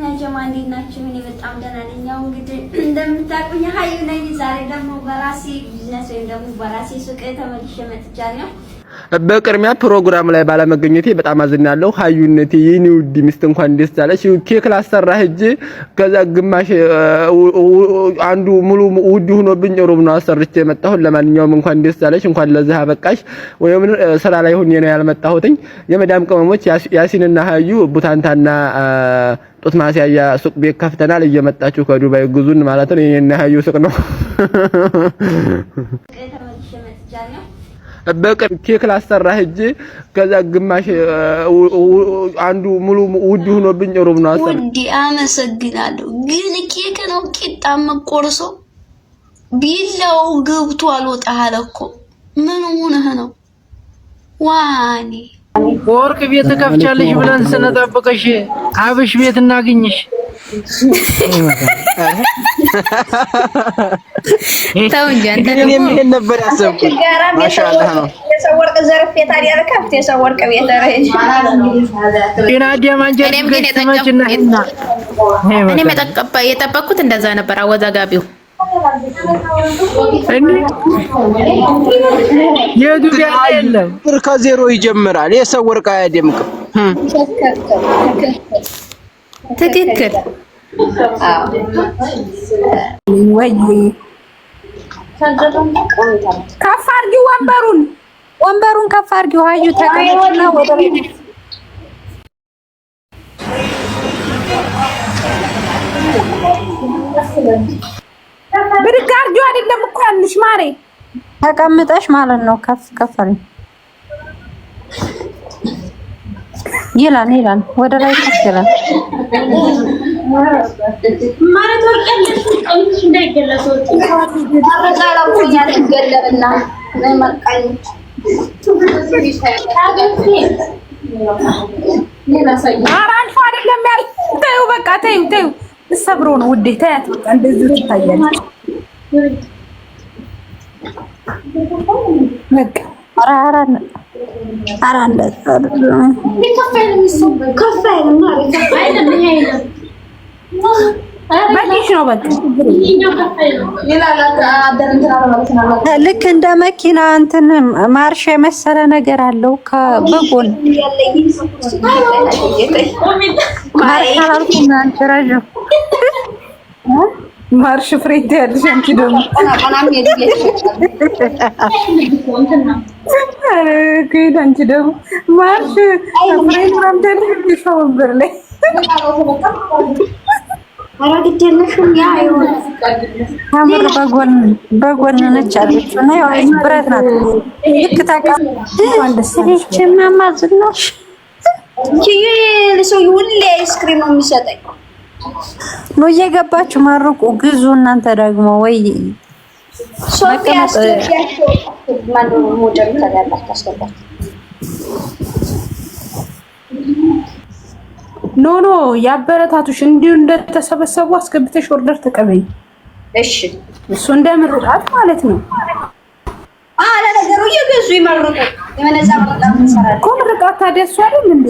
እና አጀማ እንዴት ናችሁ? እኔ በጣም ደህና ነኝ። ያው እንግዲህ እንደምታውቁኝ ሀዩ ነኝ። ዛሬ ደግሞ በራሴ ቢዝነስ ወይም ደግሞ በራሴ ሱቅ ተመልሼ መጥቻለሁ። በቅድሚያ ፕሮግራም ላይ ባለመገኘቴ በጣም አዝናለሁ። ሀዩነቴ የኔ ውድ ሚስት እንኳን ደስ አለሽ። ኬክ ላሰራ ሂጅ፣ ከዛ ግማሽ አንዱ ሙሉ ውድ ሆኖብኝ ሩብ ነው አሰርቼ የመጣሁት። ለማንኛውም እንኳን ደስ አለሽ፣ እንኳን ለዚህ አበቃሽ። ወይም ስራ ላይ ሆኜ ነው ያልመጣሁትኝ። የመዳም ቅመሞች ያሲንና ሀዩ ቡታንታና ጡት ማስያዣ ሱቅ ቤት ከፍተናል። እየመጣችሁ ከዱባይ ግዙን ማለት ነው። ይሄን ያዩ ሱቅ ነው። በቅርብ ኬክ ላሰራ ሂጅ። ከዛ ግማሽ አንዱ ሙሉ ውድ ሆኖብኝ ሩብ ነው አሰራ። ውድ አመሰግናለሁ። ግን ኬክ ነው ቂጣ መቆርሶ ቢላው ገብቶ አልወጣ አለ እኮ ምን ሆነህ ነው ዋኔ ወርቅ ቤት ትከፍቻለሽ ብለን ስንጠብቅሽ አብሽ ቤት እናገኝሽ። ተው እንጂ አንተ ደግሞ ነበር ያሰብኩት? ማሻአላህ ነው የሰው ወርቅ ዘርፌ ታዲያ ልከፍት የሰው ወርቅ ቤት ግን እንደዛ ነበር አወዛጋቢው የለም ብር ከዜሮ ይጀምራል። የሰው ወርቅ አያደምቅም። ትክክል ወይ? ከፍ አድርጊው ወንበሩን ወንበሩን ከፍ አድርጊው። አዩ ተቀመጥና ወደ ቤት ብድግ አድርጊው አይደለም እኮ ያልሽ ማሬ ተቀምጠሽ ማለት ነው። ከፍ ከፍ ይላል ይላል ወደ ላይ ከፍ ይላል ማለት ነው። ቀንሽ ቀንሽ እንዳይገለጽ አይደለም ያልኩት። ተይው በቃ ተይው ተይው እሰብሮ ነው ውዴታ ያት በቃ እንደዚህ ትታያለች። በቃ ኧረ ኧረ ነው በቃ ልክ እንደ መኪና እንትን የመሰለ ነገር አለው። ከበጎን ማርሽ ፍሬት ያለሽ አንቺ ደግሞ አንቺ ደግሞ ማርሽ ፍሬት ምናምን ወንበር ላይ ኧረ ግድ የለሽም። ያ ከምር በጎን በጎን ነች አለችው እና ያው ብረት ናት። ልክ ታውቃለችማ ማዝናሽ ሰው ሁሌ አይስክሪም ነው የሚሰጠኝ። ኑ እየገባችሁ መርቁ ግዙ። እናንተ ደግሞ ወይ ኖ ኖ ያበረታቱሽ። እንዲሁ እንደተሰበሰቡ አስገብተሽ ኦርደር ተቀበይ። እሺ፣ እሱ እንደ ማለት ነው። አላ ነገሩ እየገዙ ይመርቁ። የመነዛ ምርቃት እንሰራለን እኮ ምርቃት። ታዲያ እሱ አይደል እንዴ?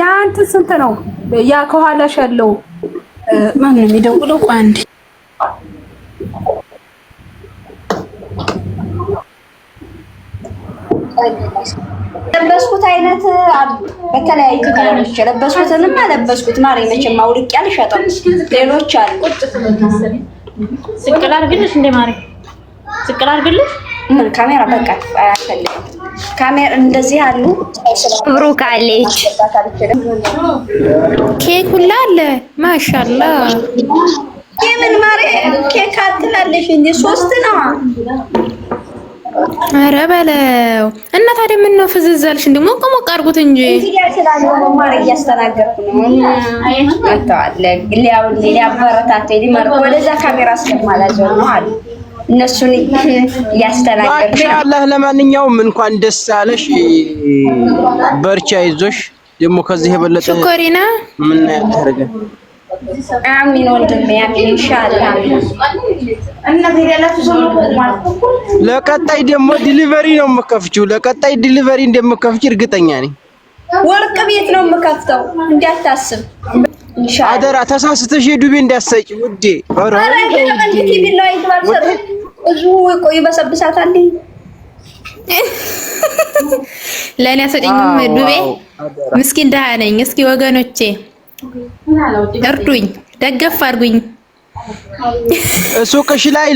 ያ እንትን ስንት ነው? ያ ከኋላሽ ያለው ማን ነው የሚደውለው? አንዴ ለበስኩት አይነት አሉ። በተለያዩ ከለሮች ለበስኩትንማ ለበስኩት ማሪ መቼም አውልቅ ያልሸጠው ሌሎች አሉ። ስቅል አድርግልሽ እንደ ማሪ ስቅል አድርግልሽ ምን ካሜራ በቃ አያስፈልግም። ካሜራ እንደዚህ አሉ። ብሩክ አለች ኬክ ሁላ አለ። ማሻአላ ኬምን ማሪ ኬክ አትላለሽ እንዴ? ሶስት ነው አረ በለው እና ታዲያ ምን ነው ፍዝዝ አልሽ? እንደ ሞቅ ሞቅ አድርጉት እንጂ እነሱን እያስተናገርኩ ነው። አላህ ለማንኛውም እንኳን ደስ አለሽ፣ በርቻ፣ አይዞሽ። ደግሞ ከዚህ የበለጠ ሽኮሪና ምን ያደርጋል አሚን ወንድሜ፣ አሚን ኢንሻአላህ። ለቀጣይ ደግሞ ዲሊቨሪ ነው የምከፍችው። ለቀጣይ ዲሊቨሪ እንደምከፍች እርግጠኛ ነኝ። ወርቅ ቤት ነው የምከፍተው፣ እንዳታስብ አደራ። ተሳስተሽ እንዳሰጭ ውዴ። እዚሁ ቆይ፣ ለእኔ አሰጭኝም ዱቤ። ምስኪን ነኝ። እስኪ ወገኖቼ እርዱኝ፣ ደገፍ አድርጉኝ። ሱቅሽ ላይ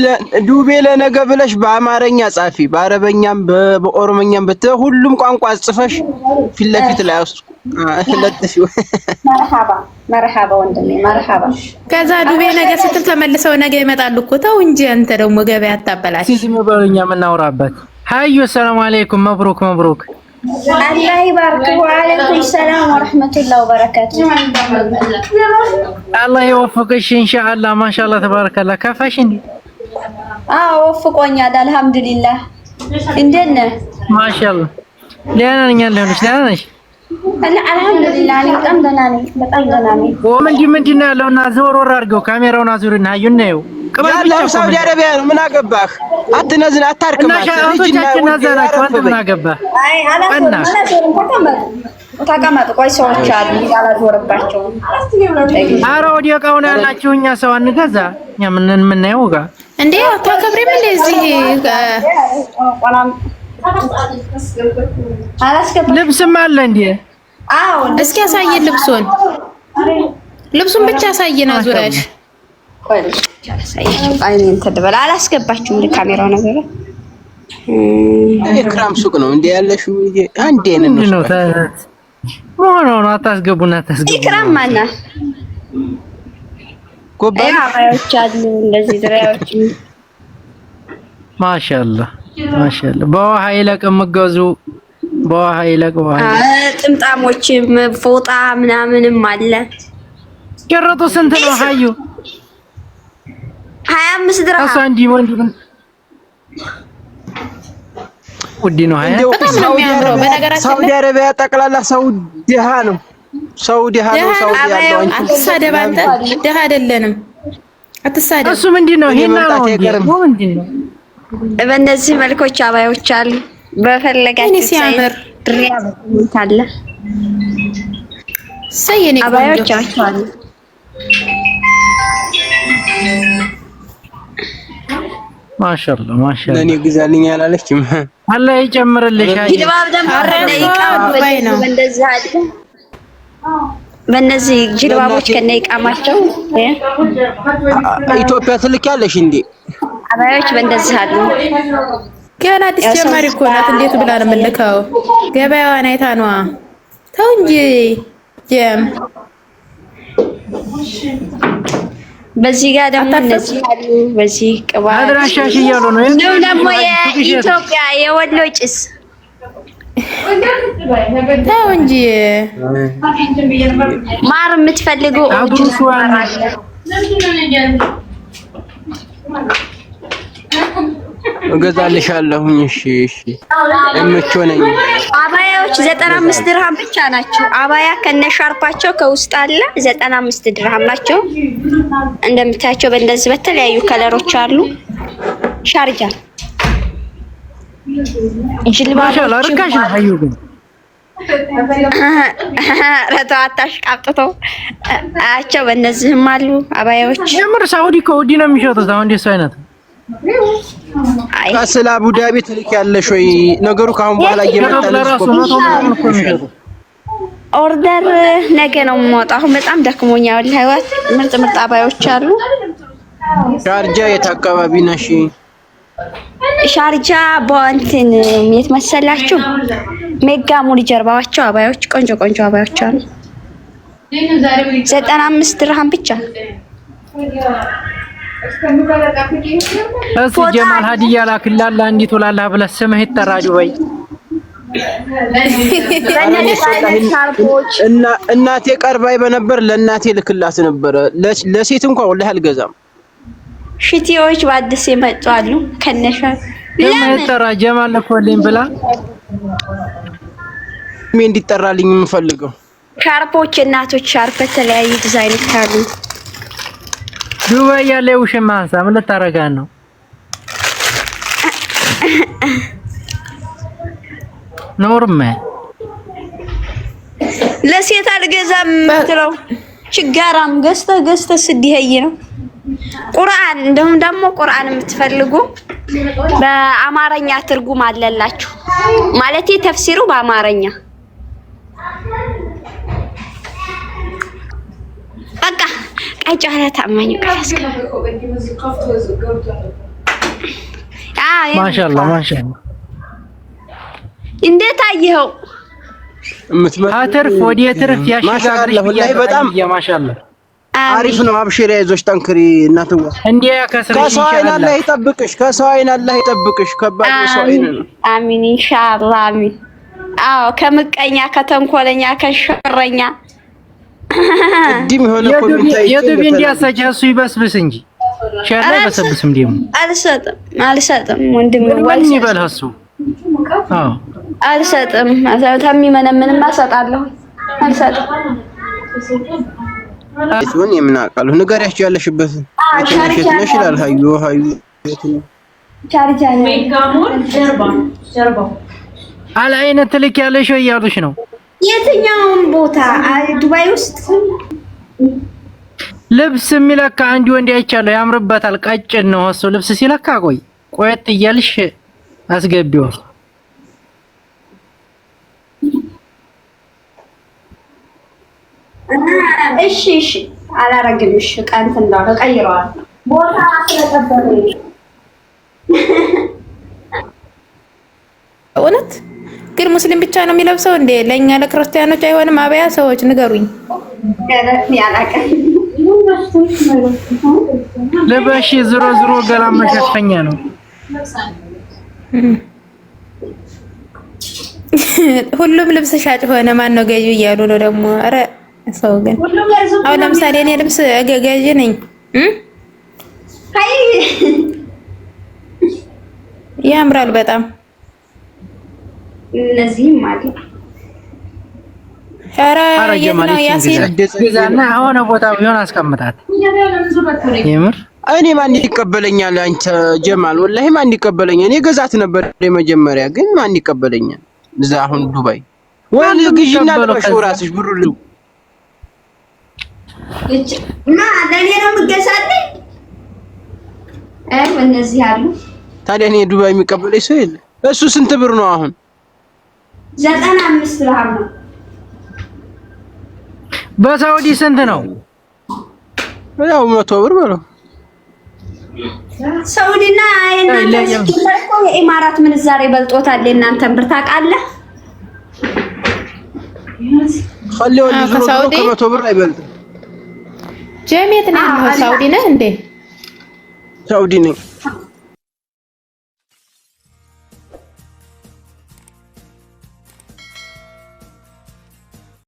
ዱቤ ለነገ ብለሽ በአማርኛ ጻፊ፣ በአረበኛም በኦሮመኛም በተ ሁሉም ቋንቋ ጽፈሽ ፊት ለፊት ላይ አውስጥ ለጥፊው። መርሃባ መርሃባ ወንድሜ መርሃባ። ከዛ ዱቤ ነገ ስትል ተመልሰው ነገ ይመጣሉ እኮ። ተው እንጂ አንተ ደግሞ ገበያ አታበላሽ። ሲዝም በእኛ የምናወራበት። ሀዩ አለይኩም። መብሩክ መብሩክ አላህ ይባርክ። ወአለይኩም ሰላም ወረሕመቱላህ ወበረካቱ። አላህ የወፍቅሽ ኢንሻአላህ። ማሻአላህ ተባረከላህ። ከፋሽ እንዴ? አዎ ወፍቆኛል፣ አልሐምዱሊላህ። እንዴት ነህ? ማሻአላህ ደህና ነኝ ደህና ነሽ? አልሐምዱሊላህ እኔ ምንድን ምንድን ነው ያለውና ዘወር ወር አድርገው ካሜራውን አዙርና አዩን ነው ያለው። ሳውዲ አረቢያ ነው። ምን አገባህ? አትነዝን፣ አታርቅም። ምን አገባህ? ተቀመጥ። ቆይ ሰዎች አሉ አላዞርባቸውም። ኧረ ወዲያ እቃውን ያላችሁ እኛ ሰው አንገዛ እኛ ምን የምናየው ጋር እንዴ አታከብሪም እንደዚህ ልብስም አለ እንዴ? አዎ፣ እስኪ ያሳየን ልብሱን። ልብሱን ብቻ ያሳየን። አዙረሽ አይኔን ተደበላ አላስገባችሁም። ለካሜራው ነገር የክራም ሱቅ ነው እንዴ ያለሽው? ይሄ አንዴ ነው መሆኑ ነው። አታስገቡና አታስገቡ። ኢክራም ማና ጎባ አባዮች አሉ እንደዚህ ድራዮች ማሻአላህ ማሻአላ በውሃ ይለቅ የምገዙ በውሃ ይለቅ ውሃ ጥምጣሞችም ፎጣ ምናምንም አለ። ቄረቱ ስንት ነው? ሀዩ ሀያ አምስት ድረስ እሷ እንዲህ ወንድ ውድ ነው። ሀያ ሳውዲ አረቢያ ጠቅላላ ሰው ድሃ ነው። ሰው ድሃ ነው። ሳውዲ ያለው ነው። አትሳደብ አንተ ድሃ አይደለንም። አትሳደብ። እሱ ምንድን ነው? ሂና ነው እንዴ? ምንድን ነው በእነዚህ መልኮች አባዮች አሉ። በፈለጋችሁ አባዮች አሉ። ማሻአላ ማሻአላ ለኔ ግዛልኝ አላለችም። አላህ ይጨምርልሽ። ጅልባብ ደግሞ በእነዚህ ጅልባቦች ከነ ይቃማቸው ኢትዮጵያ ትልክ ያለሽ እንዴ? አባዮች በእንደዚህ አሉ። ገና አዲስ ጀማሪ እኮ ናት። እንዴት ብላ ነው የምልከው? ገበያዋን አይታ ነው። ተው እንጂ ጀም። በዚህ ጋር ደግሞ እነዚህ አሉ። በዚህ ቅባት አድራሻሽ እያሉ ነው። እንደውም ደግሞ የኢትዮጵያ የወሎ ጭስ ተው እንጂ ማር የምትፈልጉ አቡሱዋ እገዛልሻለሁ። እሺ እሺ፣ እምቾ ነኝ። አባያዎች 95 ድርሃም ብቻ ናቸው። አባያ ከነሻርፓቸው ከውስጥ አለ 95 ድርሃም ናቸው። እንደምታያቸው በእንደዚህ በተለያዩ ከለሮች አሉ። ሻርጃ አታሽ አታሽቃብጥቶ አያቸው። በእነዚህም አሉ አባያዎች። ጀምር ሳውዲ ከውዲ ነው የሚሸጡት። አሁን እንደሱ አይነት ስለ አቡዳቢ ትልክ ያለሽ ወይ? ነገሩ ከአሁን በኋላ ኦርደር ነገ ነው የምወጣው። በጣም ደክሞኛል። ለህይወት ምርጥ ምርጥ አባዮች አሉ። ሻርጃ የት አካባቢ ነሽ? ሻርጃ በእንትን የት መሰላችሁ? ሜጋ ሙሪ ጀርባዋቸው አባዮች ቆንጆ ቆንጆ አባዮች አሉ። ዘጠና አምስት ድርሃም ብቻ እስኪ ጀማል ሀዲያ ላክላል አንዲት ወላላ ብለህ ስምህ ይጠራ ዱባይ እናቴ ቀርባይ በነበር ለእናቴ ልክላት ነበረ። ለሴት እንኳን ወላሂ አልገዛም። ሽቲዎች በአዲስ የመጡ አሉ። ከነሻ ይጠራ ጀማል ልኮልኝ ብላ እንዲጠራልኝ የምፈልገው ሻርፖች፣ እናቶች ሻርፕ የተለያዩ ዲዛይኖች አሉ። ዱባይ ያለ ውሽማ ሀሳብ ምን ልታረጋን ነው? ኖርመ ለሴት አልገዛም ምትለው ችጋራም ገዝተህ ገዝተህ ስድሄይ ነው። ቁርአን እንደውም ደግሞ ቁርአን የምትፈልጉ በአማርኛ ትርጉም አለላችሁ ማለት ተፍሲሩ በአማርኛ በቃ ጫጫታ ታማኝ ማሻላ ማሻላ። እንዴት አየኸው? ከትርፍ ወደ ትርፍ ያሻሻል። አሪፍ ነው። አብሽር ያይዞሽ ጠንክሪ። እናትዋ ከሰው አይን አላህ ይጠብቅሽ፣ ከሰው አይን አላህ ይጠብቅሽ። ከባድ ሰው አይን አሚን ኢንሻአላህ። አሚን። አዎ ከምቀኛ ከተንኮለኛ ከሸረኛ ቅድም የሆነ የዱቤ እንዲያሳጭ እሱ ይበስብስ እንጂ ሻላ አይበሰብስም። ደግሞ አልሰጥም አልሰጥም ወንድም ወልኝ ይበል እሱ አዎ አልሰጥም። ታሚ መነምንም አሰጣለሁ አልሰጥም። እሱን የምናውቃለሁ ንገሪያቸው ያለሽበት ትንሽ ትንሽ ይላል። ሀዩ ሀዩ አለ አይነት ልክ ያለሽ እያሉሽ ነው የትኛውን ቦታ ዱባይ ውስጥ ልብስ የሚለካ አንድ ወንድ አይቻለሁ። ያምርበታል፣ ቀጭን ነው እሱ ልብስ ሲለካ። ቆይ ቆየት እያልሽ አስገቢው። እሺ፣ እሺ፣ አላረግልሽ ቀንት እንዳው ተቀይረዋል። ቦታ ስለጠበቁ እውነት ግን ሙስሊም ብቻ ነው የሚለብሰው እንዴ? ለእኛ ለክርስቲያኖች አይሆንም? አበያ ሰዎች ንገሩኝ። ልበሽ ዝሮ ዝሮ ገላ መሸፈኛ ነው። ሁሉም ልብስ ሻጭ ሆነ። ማን ነው ገዢ እያሉ ነው ደግሞ። ኧረ ሰው ግን አሁን ለምሳሌ እኔ ልብስ ገዢ ነኝ። ያምራል በጣም እነዚህም አለ። የሆነ ቦታ ቢሆን አስቀምጣት። የምር እኔ ማን ይቀበለኛል? አንተ ጀማል ወላሂ ማን ይቀበለኛል? እኔ ገዛት ነበር የመጀመሪያ ግን ማን ይቀበለኛል? እዛ አሁን ዱባይ ወይ ግዢና ብሩ ልው ታዲያ እኔ ዱባይ የሚቀበለኝ ሰው የለ። እሱ ስንት ብር ነው አሁን? ዘጠና አምስት ድርሃም ነው። በሳውዲ ስንት ነው? ያው መቶ ብር በለው። ሳውዲና የኢማራት ምንዛሬ በልጦታል። የእናንተን ብር ታውቃለህ። ከመቶ ብር አይበልጥም። ጀሜት ሳውዲ ነህ እንዴ? ሳውዲ ነኝ።